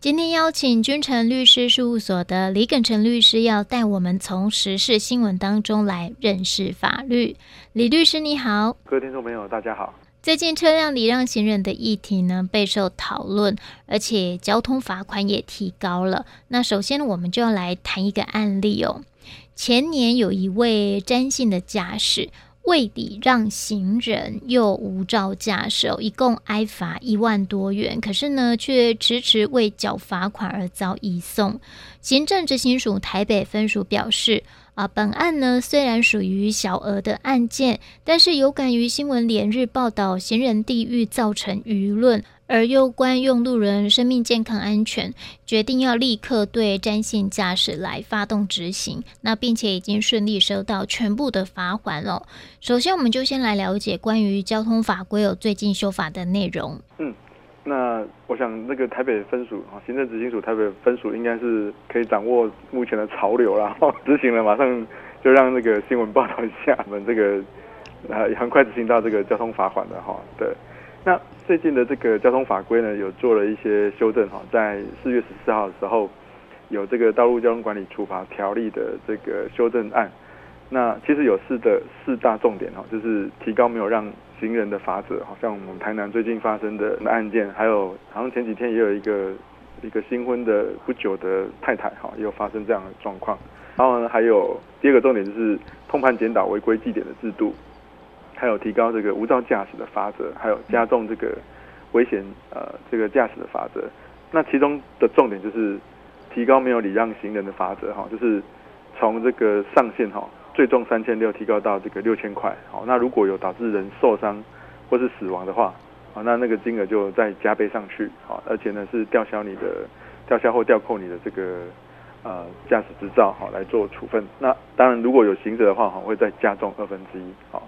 今天邀請君誠律師事務所的李耿成律師，要帶我們從時事新聞當中來認識法律。李律師你好，各位聽眾朋友大家好。最近車輛禮讓行人的議題呢備受討論，而且交通罰款也提高了。那首先我們就要來談一個案例哦。前年有一位詹姓的駕駛。未禮讓行人又無照駕駛、哦，一共挨罰一萬多元，可是呢，卻遲遲未繳罰款而遭移送。行政執行署台北分署表示，啊、呃，本案呢雖然屬於小額的案件，但是有感於新聞連日報道行人地獄，造成輿論。而攸關用路人生命健康安全，決定要立刻對占線駕駛來發動執行，那並且已經順利收到全部的罰款了。首先，我們就先來了解關於交通法規有最近修法的內容。嗯，那我想那個台北分署啊，行政執行署台北分署應該是可以掌握目前的潮流然後執行了，執行了馬上就讓那個新聞報道一下，我們這個啊很快執行到這個交通罰款的哈。對，那。最近的這個交通法規呢，有做了一些修正哈，在四月十四號的時候，有這個道路交通管理處罰條例的這個修正案。那其實有四的四大重點哈，就是提高沒有讓行人的罰則，像我們台南最近發生的案件，還有好像前幾天也有一個一個新婚的不久的太太哈，也有發生這樣的狀況。然後呢，還有第二個重點就是通判檢討違規記點的制度。還有提高這個無照駕駛的罰則，還有加重這個危險呃這個駕駛的罰則，那其中的重點就是提高沒有禮讓行人的罰則哈，就是從這個上限哈、哦、最重三千六提高到這個六千塊好，那如果有導致人受傷或是死亡的話啊、哦，那那個金額就再加倍上去好、哦，而且呢是吊銷你的吊銷或吊扣你的這個呃駕駛執照哈、哦、來做處分，那當然如果有行者的話哈會再加重二分之一好。2, 哦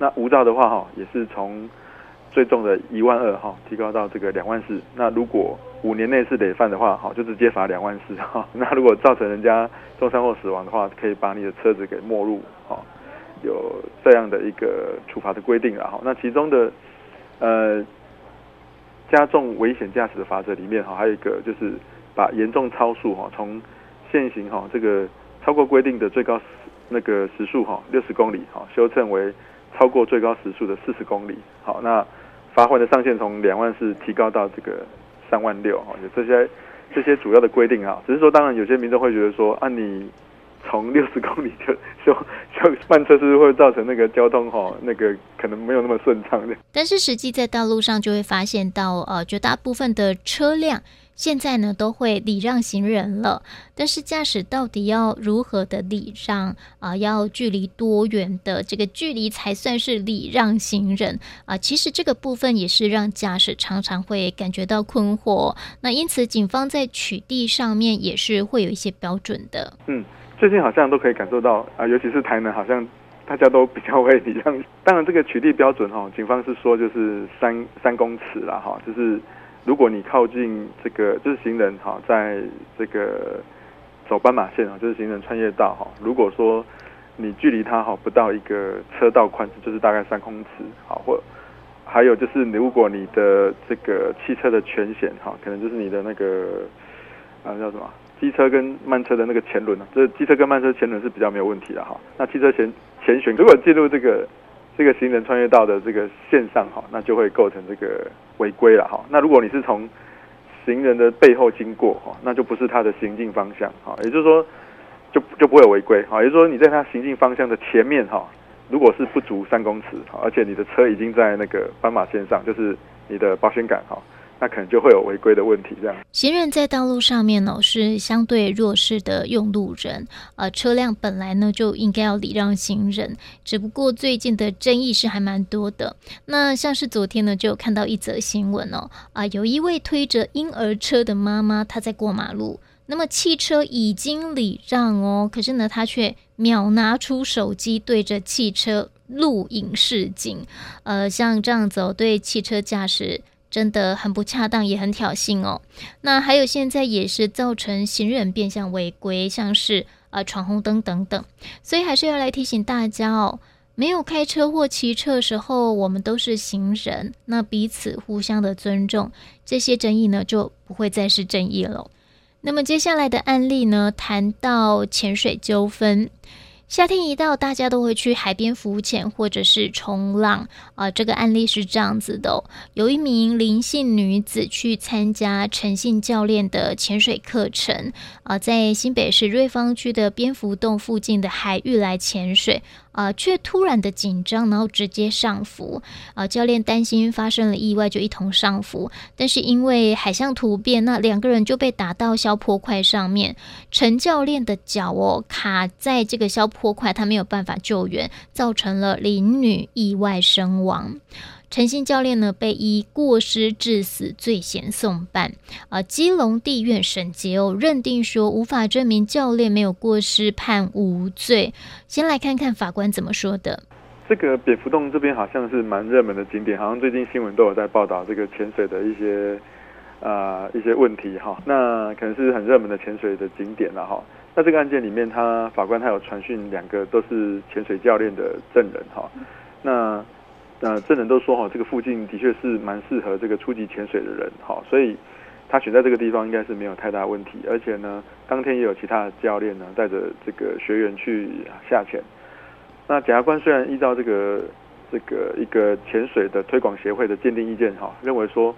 那無照的話，哈也是從最重的一萬二，哈提高到這個兩萬四。那如果五年內是累犯的話，哈就直接罰兩萬四。哈，那如果造成人家重傷或死亡的話，可以把你的車子給沒入，哈，有這樣的一個處罰的規定了。哈，那其中的呃加重危險駕駛的罰則裡面，哈還有一個就是把嚴重超速，哈從現行，哈這個超過規定的最高時那個時速，哈六十公里，哈修正為。超過最高時速的四十公里，好，那罰款的上限從兩萬四提高到這個三萬六，好，有這些這些主要的規定啊。只是說，當然有些民眾會覺得說，啊，你從六十公里就就就慢車是不是會造成那個交通哈、哦，那個可能沒有那麼順暢的。但是實際在道路上就會發現到，呃，絕大部分的車輛。現在呢，都會禮讓行人了，但是駕駛到底要如何的禮讓啊、呃？要距離多遠的這個距離才算是禮讓行人啊、呃？其實這個部分也是讓駕駛常常會感覺到困惑。那因此，警方在取締上面也是會有一些標準的。嗯，最近好像都可以感受到啊、呃，尤其是台南，好像大家都比較會禮讓。當然，這個取締標準哦，警方是說就是三三公尺了哈，就是。如果你靠近這個就是行人哈，在這個走斑馬線啊，就是行人穿越道哈。如果說你距離它哈不到一個車道寬，就是大概三公尺啊，或還有就是如果你的這個汽車的前懸哈，可能就是你的那個啊叫什麼機車跟慢車的那個前輪啊，就是機車跟慢車前輪是比較沒有問題的哈。那汽車前前懸如果進入這個這個行人穿越道的這個線上哈，那就會構成這個。違規了哈，那如果你是從行人的背後經過哈，那就不是他的行進方向哈，也就是說就就不會違規哈，也就是說你在他行進方向的前面哈，如果是不足三公尺哈，而且你的車已經在那個斑馬線上，就是你的保險桿哈。那可能就會有違規的問題。這樣，行人在道路上面呢、哦、是相對弱勢的用路人。呃，車輛本來呢就應該要禮讓行人，只不過最近的爭議是還蠻多的。那像是昨天呢就有看到一則新聞哦，啊、呃，有一位推着嬰兒車的媽媽，她在過馬路，那麼汽車已經禮讓哦，可是呢她卻秒拿出手機對着汽車錄影示警。呃，像這樣子、哦、對汽車駕駛。真的很不恰當，也很挑釁哦。那還有現在也是造成行人變相違規，像是啊、呃、闖紅燈等等，所以還是要來提醒大家哦，沒有開車或騎車的時候，我們都是行人，那彼此互相的尊重，這些爭議呢就不會再是爭議了。那麼接下來的案例呢，談到潛水糾紛。夏天一到，大家都會去海邊浮潛或者是衝浪啊、呃。這個案例是這樣子的、哦：有一名林姓女子去參加陳姓教練的潛水課程啊、呃，在新北市瑞芳區的蝙蝠洞附近的海域來潛水。啊！卻、呃、突然的緊張，然後直接上浮。啊、呃，教練擔心發生了意外，就一同上浮。但是因為海象突變，那兩個人就被打到消波塊上面。陳教練的腳哦，卡在這個消波塊，他沒有辦法救援，造成了林女意外身亡。陳姓教練呢被依過失致死罪嫌送辦啊，基隆地院審結哦，認定說，無法證明教練沒有過失，判無罪。先來看看法官怎麼說的。這個蝙蝠洞這邊好像是蠻熱門的景點，好像最近新聞都有在報道這個潛水的一些啊、呃、一些問題哈。那可能是很熱門的潛水的景點了、啊、哈。那這個案件裡面他，他法官他有傳訊兩個都是潛水教練的證人哈。那那證人都說哈，這個附近的確是蠻適合這個初級潛水的人哈，所以他選在這個地方應該是沒有太大問題。而且呢，當天也有其他的教練呢帶着這個學員去下潛。那檢察官雖然依照這個這個一個潛水的推廣協會的鑑定意見哈，認為說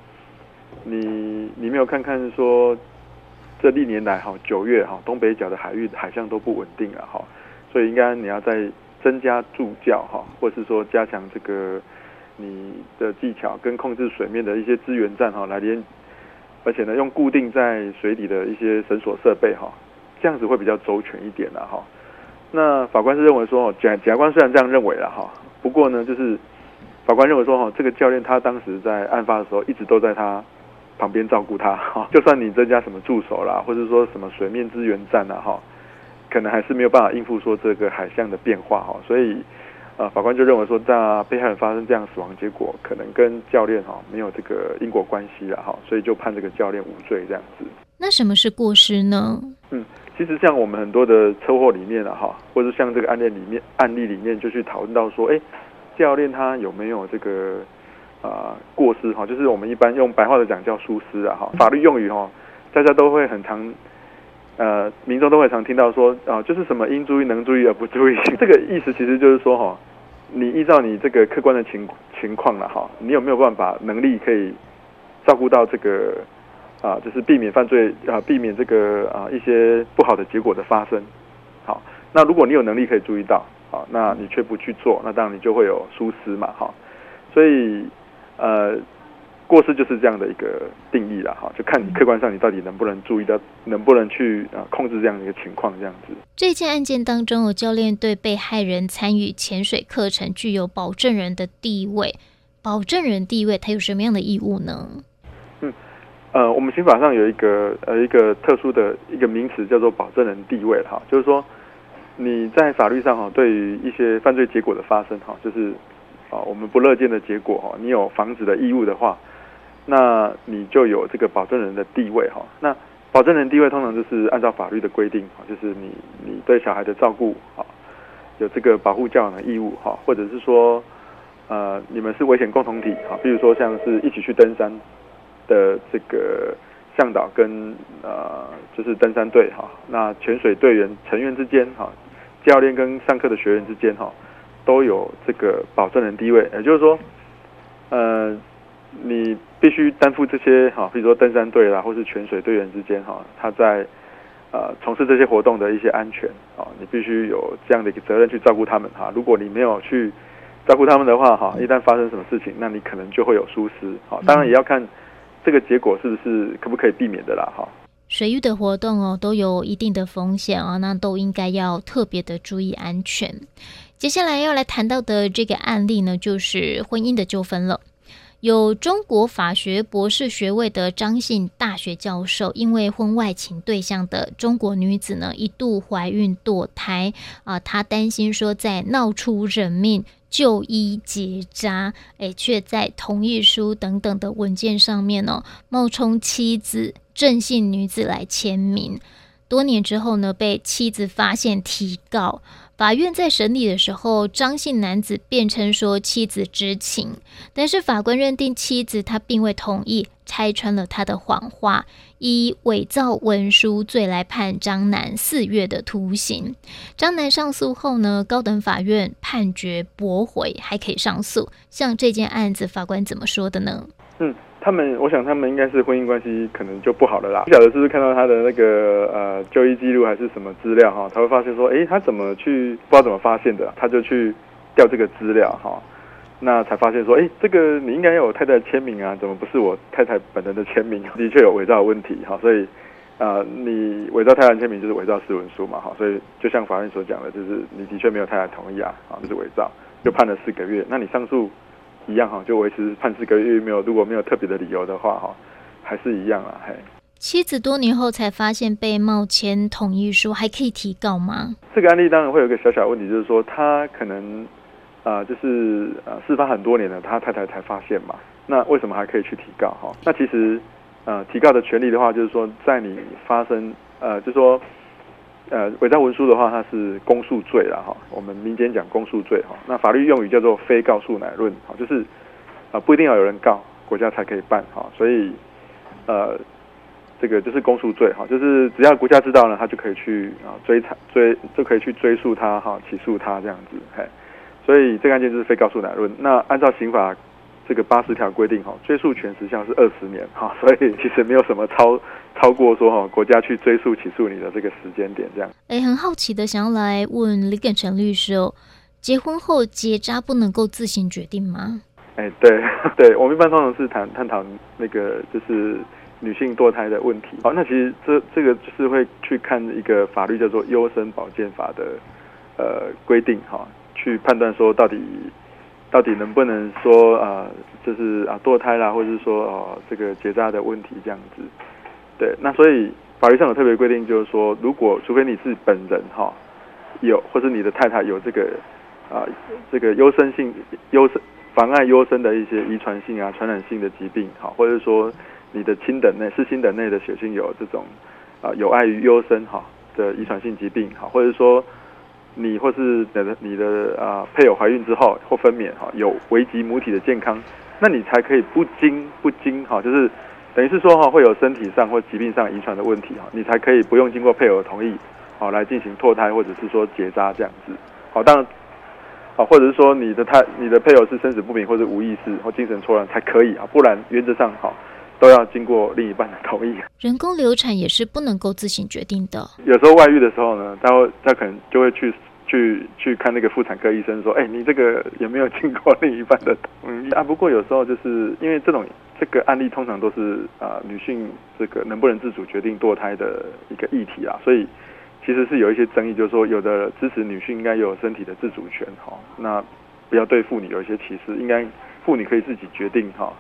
你你沒有看看說這歷年來哈九月哈東北角的海域海象都不穩定了哈，所以應該你要在。增加助教哈，或者是說加強這個你的技巧跟控制水面的一些資源站哈，來連，而且呢，用固定在水底的一些繩索設備哈，這樣子會比較周全一點哈。那法官是認為說，甲假官雖然這樣認為了哈，不過呢，就是法官認為說哈，這個教練他當時在案發的時候一直都在他旁邊照顧他哈，就算你增加什麼助手啦，或者說什麼水面資源站吶哈。可能還是沒有辦法應付說這個海象的變化哈，所以法官就認為說，在被害人發生這樣的死亡結果，可能跟教練哈沒有這個因果關係了哈，所以就判這個教練無罪這樣子。那什麼是過失呢？嗯，其實像我們很多的車禍裡面啊，哈，或者像這個案例裡面案例裡面就去討論到說，哎教練他有沒有這個啊、呃、過失哈？就是我們一般用白話的講叫疏失啊哈，法律用語哈，大家都會很常。呃，民眾都會常聽到說啊、呃，就是什麼應注意能注意而不注意， 這個意思其實就是說哈，你依照你這個客觀的情情況啦哈，你有沒有辦法能力可以照顧到這個啊、呃，就是避免犯罪啊、呃，避免這個啊、呃、一些不好的結果的發生。好，那如果你有能力可以注意到，啊，那你卻不去做，那當然你就會有疏失嘛哈。所以呃。過失就是這樣的一個定義了哈，就看你客觀上你到底能不能注意到，能不能去啊控制這樣一個情況這樣子。這件案件當中，有教練對被害人參與潛水課程具有保證人的地位，保證人地位他有什麼樣的義務呢？嗯，呃，我們刑法上有一個呃一個特殊的一個名詞叫做保證人地位哈，就是說你在法律上哈對於一些犯罪結果的發生哈，就是啊我們不樂見的結果哈，你有防止的義務的話。那你就有這個保證人的地位哈。那保證人地位通常就是按照法律的規定哈，就是你你對小孩的照顧哈，有這個保護教養的義務哈，或者是說呃你們是危險共同體哈，比如說像是一起去登山的這個向導跟呃就是登山隊哈，那潛水隊員成員之間哈，教練跟上課的學員之間哈，都有這個保證人地位，也就是說呃。你必須擔負這些哈，比如說登山隊啦，或是潛水隊員之間哈，他在呃從事這些活動的一些安全啊，你必須有這樣的一個責任去照顧他們哈。如果你沒有去照顧他們的話哈，一旦發生什麼事情，那你可能就會有疏失啊，當然也要看這個結果是不是可不可以避免的啦哈。嗯。水域的活動哦，都有一定的風險啊、哦，那都應該要特別的注意安全。接下來要來談到的這個案例呢，就是婚姻的糾紛了。有中國法學博士學位的張姓大學教授，因為婚外情對象的中國女子呢，一度懷孕墮胎啊，他、呃、擔心說再鬧出人命就醫結紮，哎、欸，卻在同意書等等的文件上面、哦、冒充妻子鄭姓女子來簽名。多年之後呢，被妻子發現提告。法院在審理的時候，張姓男子辯稱說妻子知情，但是法官認定妻子他並未同意，拆穿了他的謊話，以偽造文書罪來判張男四月的徒刑。張男上訴後呢，高等法院判決駁回，還可以上訴。像這件案子，法官怎麼說的呢？嗯。他們，我想他們應該是婚姻關係可能就不好了啦。不曉得是不是看到他的那個呃，就醫記錄還是什麼資料哈、哦，他會發現說，哎，他怎麼去不知道怎麼發現的，他就去調這個資料哈、哦，那才發現說，哎，這個你應該有太太簽名啊，怎麼不是我太太本人的簽名、啊？的確有偽造的問題哈、哦，所以啊、呃，你偽造太太簽名就是偽造私文書嘛哈、哦，所以就像法院所講的，就是你的確沒有太太同意啊，啊、哦，就是偽造，就判了四個月。那你上訴？一樣哈，就維持判四個月沒有，如果沒有特別的理由的話哈，還是一樣啊。嘿，妻子多年後才發現被冒簽同意書，還可以提告嗎？這個案例當然會有一個小小問題就、呃，就是說他可能啊，就是呃，事發很多年了，他太太才發現嘛，那為什麼還可以去提告哈？那、呃、其實呃，提告的權利的話，就是說在你發生呃，就是說。呃，偽造文書的話，它是公訴罪啦，哈，我們民間講公訴罪哈，那法律用語叫做非告訴乃論，就是啊不一定要有人告，國家才可以辦，哈，所以呃這個就是公訴罪，哈，就是只要國家知道呢，他就可以去啊追查追就可以去追訴他，哈，起訴他這樣子，嘿，所以這個案件就是非告訴乃論。那按照刑法這個八十條規定，哈，追訴權時效是二十年，哈，所以其實沒有什麼超。超過說哈、哦，國家去追訴起訴你的這個時間點，這樣。哎，很好奇的，想要來問李根成律師哦。結婚後結紮不能夠自行決定嗎？哎，對對，我們一般通常是談探討那個就是女性墮胎的問題。好、哦，那其實這這個就是會去看一個法律叫做優生保健法的呃規定哈、哦，去判斷說到底到底能不能說呃，就是啊墮胎啦，或者是說哦這個結紮的問題這樣子。對，那所以法律上有特別規定，就是說，如果除非你是本人哈，有或是你的太太有這個啊、呃，這個優生性、優生妨礙優生的一些遺傳性啊、傳染性的疾病哈，或者說你的親等內、四親等內的血親有這種啊、呃、有礙於優生哈的遺傳性疾病哈，或者說你或是你的你的啊、呃、配偶懷孕之後或分娩哈有危及母體的健康，那你才可以不經不經哈，就是。等於是說哈，會有身體上或疾病上遺傳的問題哈，你才可以不用經過配偶同意，好來進行墮胎或者是說結紮這樣子，好當然，或者是說你的他你的配偶是生死不明或者無意識或精神錯亂才可以啊，不然原則上好都要經過另一半的同意。人工流產也是不能夠自行決定的。有時候外遇的時候呢，他會他可能就會去去去看那個婦產科醫生說，哎、欸，你這個有沒有經過另一半的同意啊？不過有時候就是因為這種。這個案例通常都是啊、呃，女性這個能不能自主決定墮胎的一個議題啊，所以其實是有一些爭議，就是說有的支持女性應該有身體的自主權哈、哦，那不要對婦女有一些歧視，應該婦女可以自己決定哈、哦，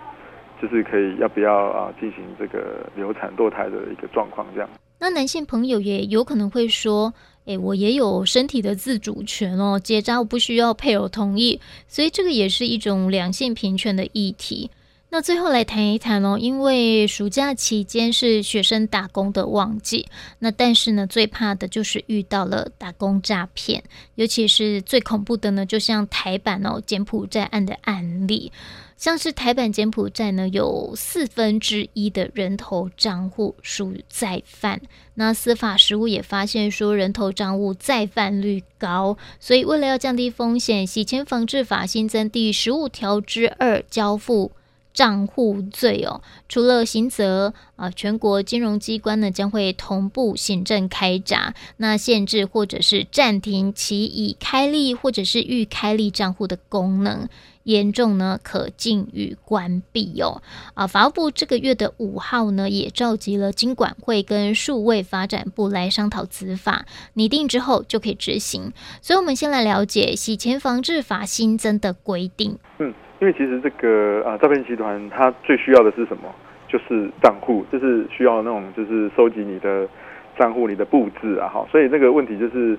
就是可以要不要啊進行這個流產墮胎的一個狀況這樣。那男性朋友也有可能會說，哎，我也有身體的自主權哦，結紮我不需要配偶同意，所以這個也是一種兩性平權的議題。那最後來談一談哦，因為暑假期間是學生打工的旺季，那但是呢，最怕的就是遇到了打工詐騙，尤其是最恐怖的呢，就像台版哦，柬埔寨案的案例，像是台版柬埔寨呢，有四分之一的人頭賬戶屬於再犯，那司法實務也發現說人頭賬戶再犯率高，所以為了要降低風險，洗錢防制法新增第十五條之二交付賬戶罪哦，除了刑責啊，全國金融機關呢將會同步行政開閘，那限制或者是暫停其已開立或者是預開立賬戶的功能，嚴重呢可逕予關閉哦。啊，法務部這個月的五號呢也召集了金管會跟數位發展部來商討此法擬定之後就可以執行。所以，我們先來了解洗錢防制法新增的規定。嗯。因為其實這個啊、呃，詐騙集團它最需要的是什麼？就是賬戶，就是需要那種就是收集你的賬戶、你的簿子啊，哈。所以這個問題就是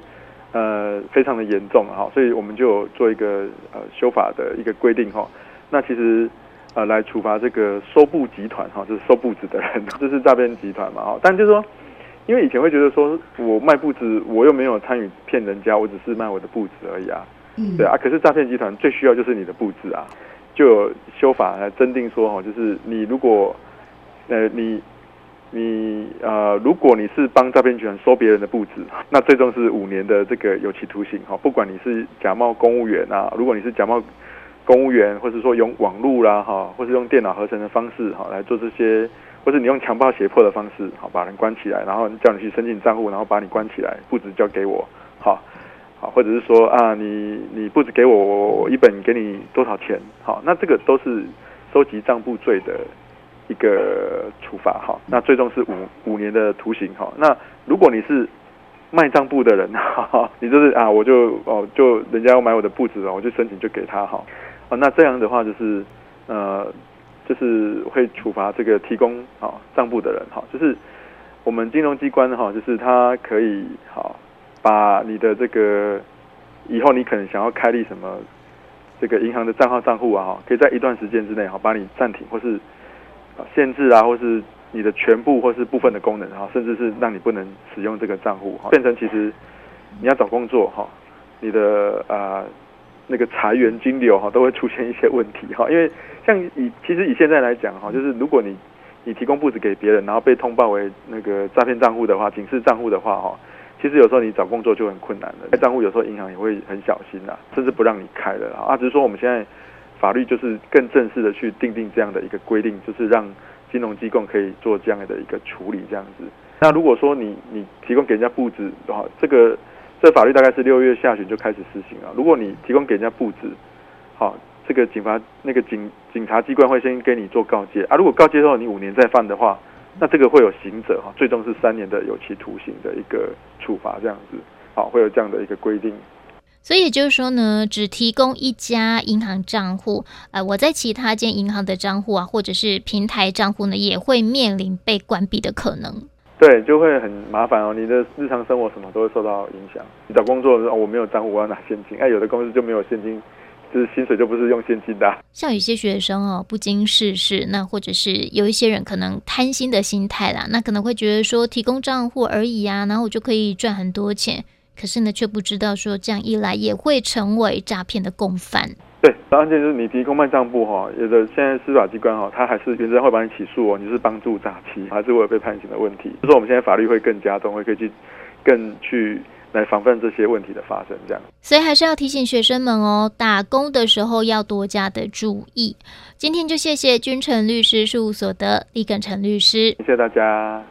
呃非常的嚴重哈、啊，所以我們就做一個呃修法的一個規定哈、啊。那其實呃來處罰這個收簿集團哈、啊，就是收簿子的人，就是詐騙集團嘛。哈，但就是說，因為以前會覺得說我賣簿子，我又沒有參與騙人家，我只是賣我的簿子而已啊，對啊。可是詐騙集團最需要就是你的簿子啊。就有修法來增訂說哈，就是你如果，呃，你你呃，如果你是幫詐騙集團收別人的布置，那最終是五年的這個有期徒刑哈。不管你是假冒公務員啊，如果你是假冒公務員，或是說用網絡啦哈，或是用電腦合成的方式哈、啊、來做這些，或是你用強暴脅迫的方式哈、啊、把人關起來，然後叫你去申請賬戶，然後把你關起來，布置交給我好。啊或者是說啊，你你簿子，給我，我一本給你多少錢？好、啊，那這個都是收集賬簿罪的一個處罰哈、啊。那最重是五五年的徒刑哈、啊。那如果你是賣賬簿的人，啊，你就是啊，我就哦，啊，就人家要買我的簿子，我就申請就給他哈。啊，那這樣的話就是呃，就是會處罰這個提供啊賬簿的人哈、啊。就是我們金融機關哈、啊，就是他可以好。啊把你的這個以後，你可能想要開立什麼這個銀行的賬號賬戶啊？哈，可以在一段時間之內哈，把你暫停或是限制啊，或是你的全部或是部分的功能啊，甚至是讓你不能使用這個賬戶，變成其實你要找工作哈，你的啊、呃、那個財源金流哈，都會出現一些問題哈。因為像以其實以現在來講哈，就是如果你你提供布置給別人，然後被通報為那個詐騙賬戶的話，警示賬戶的話哈。其實有時候你找工作就很困難了。開賬戶有時候銀行也會很小心啦、啊，甚至不讓你開了啦啊。只是說我們現在法律就是更正式的去訂定這樣的一個規定，就是讓金融機構可以做這樣的一個處理這樣子。那如果說你你提供給人家布置，好、哦、這個這個法律大概是六月下旬就開始施行了。如果你提供給人家布置，好、哦、這個警察那個警警察機關會先給你做告誡啊。如果告誡後你五年再犯的話，那這個會有刑責哈，最終是三年的有期徒刑的一個處罰這樣子，好，會有這樣的一個規定。所以也就是說呢，只提供一家銀行賬戶，呃，我在其他間銀行的賬戶啊，或者是平台賬戶呢，也會面臨被關閉的可能。對，就會很麻煩哦，你的日常生活什麼都會受到影響。你找工作的時候，我沒有賬戶，我要拿現金，哎，有的公司就沒有現金。就是薪水就不是用現金的啊，像有些學生哦，不經世事，那或者是有一些人可能貪心的心態啦，那可能會覺得說提供賬戶而已啊，然後我就可以賺很多錢，可是呢卻不知道說這樣一來也會成為詐騙的共犯。對，當然就是你提供辦賬戶哈，有的現在司法機關哈、哦，他還是原則上會幫你起訴哦，你是幫助詐欺還是會有被判刑的問題。就是我們現在法律會更加重，會可以去更去。來防範這些問題的發生，這樣，所以還是要提醒學生們哦，打工的時候要多加的注意。今天就謝謝君誠律師事務所的李耿誠律師，謝謝大家。